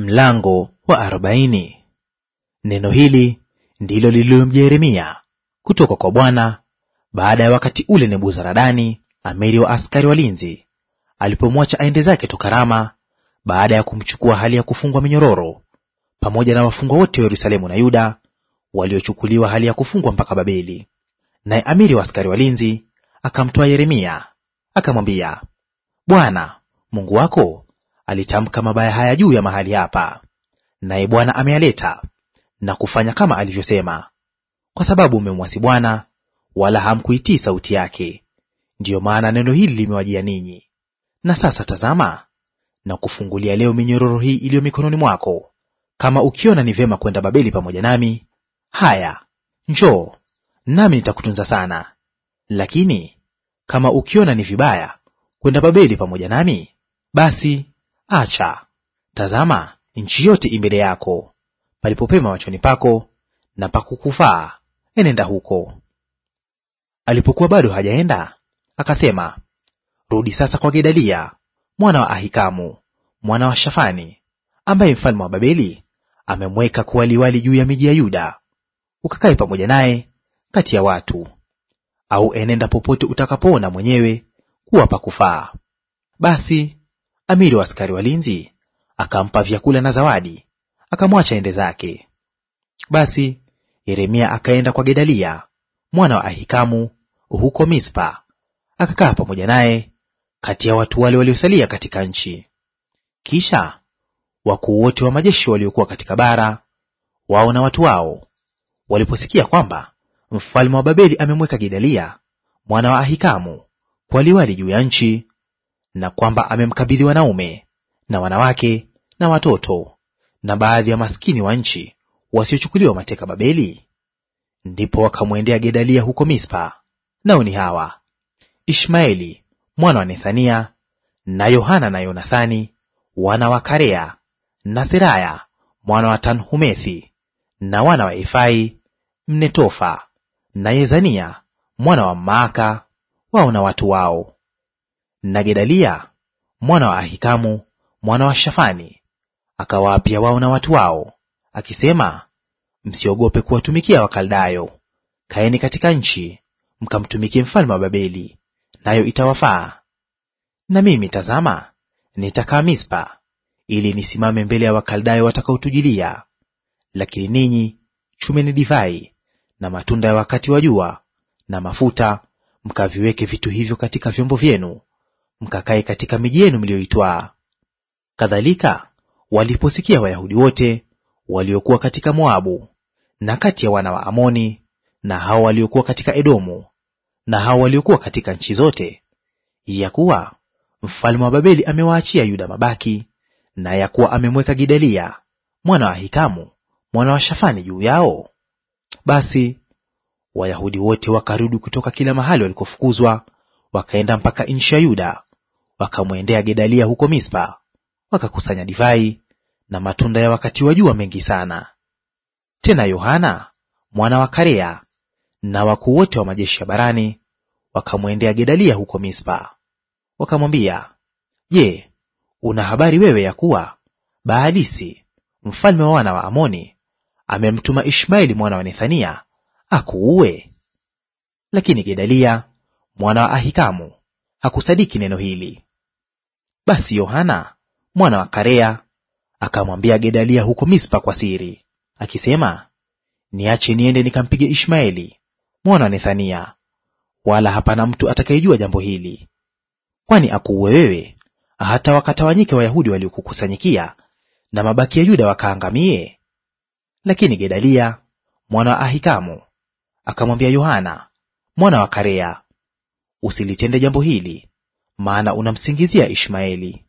Mlango wa arobaini. Neno hili ndilo lililomjia Yeremia kutoka kwa Bwana baada ya wakati ule Nebuzaradani amiri wa askari walinzi alipomwacha aende zake toka Rama baada ya kumchukua hali ya kufungwa minyororo pamoja na wafungwa wote wa Yerusalemu na Yuda waliochukuliwa hali ya kufungwa mpaka Babeli. Naye amiri wa askari walinzi akamtoa Yeremia akamwambia, Bwana Mungu wako alitamka mabaya haya juu ya mahali hapa, naye Bwana ameyaleta na kufanya kama alivyosema. Kwa sababu umemwasi Bwana, wala hamkuitii sauti yake, ndiyo maana neno hili limewajia ninyi. Na sasa tazama, na kufungulia leo minyororo hii iliyo mikononi mwako, kama ukiona ni vyema kwenda Babeli pamoja nami, haya njoo, nami nitakutunza sana. Lakini kama ukiona ni vibaya kwenda Babeli pamoja nami, basi Acha, tazama, nchi yote imbele yako; palipopema machoni pako na pakukufaa, enenda huko. Alipokuwa bado hajaenda, akasema, Rudi sasa kwa Gedalia mwana wa Ahikamu mwana wa Shafani, ambaye mfalme wa Babeli amemweka kuwa liwali juu ya miji ya Yuda, ukakae pamoja naye kati ya watu, au enenda popote utakapoona mwenyewe kuwa pakufaa. Basi amiri wa askari walinzi akampa vyakula na zawadi, akamwacha ende zake. Basi Yeremia akaenda kwa Gedalia mwana wa Ahikamu huko Mispa, akakaa pamoja naye kati ya watu wale waliosalia katika nchi. Kisha wakuu wote wa majeshi waliokuwa katika bara, wao na watu wao, waliposikia kwamba mfalme wa Babeli amemweka Gedalia mwana wa Ahikamu kwa liwali juu ya nchi, na kwamba amemkabidhi wanaume na wanawake na watoto na baadhi ya maskini wa nchi wasiochukuliwa mateka Babeli? Ndipo wakamwendea Gedalia huko Mispa, nao ni hawa Ishmaeli mwana wa Nethania na Yohana na Yonathani wana wa Karea na Seraya mwana wa Tanhumethi na wana wa Efai Mnetofa na Yezania mwana wa Maaka, wao na watu wao na Gedalia mwana wa Ahikamu mwana wa Shafani, akawaapia wao na watu wao akisema, msiogope kuwatumikia Wakaldayo. Kaeni katika nchi mkamtumikie mfalme wa Babeli, nayo itawafaa. Na mimi tazama, nitakaa Mispa ili nisimame mbele ya Wakaldayo watakaotujilia. Lakini ninyi chumeni divai na matunda ya wakati wa jua na mafuta, mkaviweke vitu hivyo katika vyombo vyenu, mkakae katika miji yenu mliyoitwaa. Kadhalika waliposikia Wayahudi wote waliokuwa katika Moabu na kati ya wana wa Amoni na hao waliokuwa katika Edomu na hao waliokuwa katika nchi zote, ya kuwa mfalme wa Babeli amewaachia Yuda mabaki, na ya kuwa amemweka Gidalia mwana wa Hikamu mwana wa Shafani juu yao, basi Wayahudi wote wakarudi kutoka kila mahali walikofukuzwa, wakaenda mpaka nchi ya Yuda wakamwendea Gedalia huko Mispa, wakakusanya divai na matunda ya wakati wa jua mengi sana. Tena Yohana mwana wa Karea na wakuu wote wa majeshi ya barani wakamwendea Gedalia huko Mispa, wakamwambia, Je, una habari wewe ya kuwa Baalisi mfalme wa wana wa Amoni amemtuma Ishmaeli mwana wa Nethania akuue? Lakini Gedalia mwana wa Ahikamu hakusadiki neno hili, basi Yohana mwana wa Karea akamwambia Gedalia huko Mispa kwa siri akisema, niache niende nikampige Ishmaeli mwana wa Nethania, wala hapana mtu atakayejua jambo hili, kwani akuue wewe hata wakatawanyike Wayahudi waliokukusanyikia na mabaki ya Yuda wakaangamie? Lakini Gedalia mwana wa Ahikamu akamwambia Yohana mwana wa Karea, usilitende jambo hili, maana unamsingizia Ishmaeli.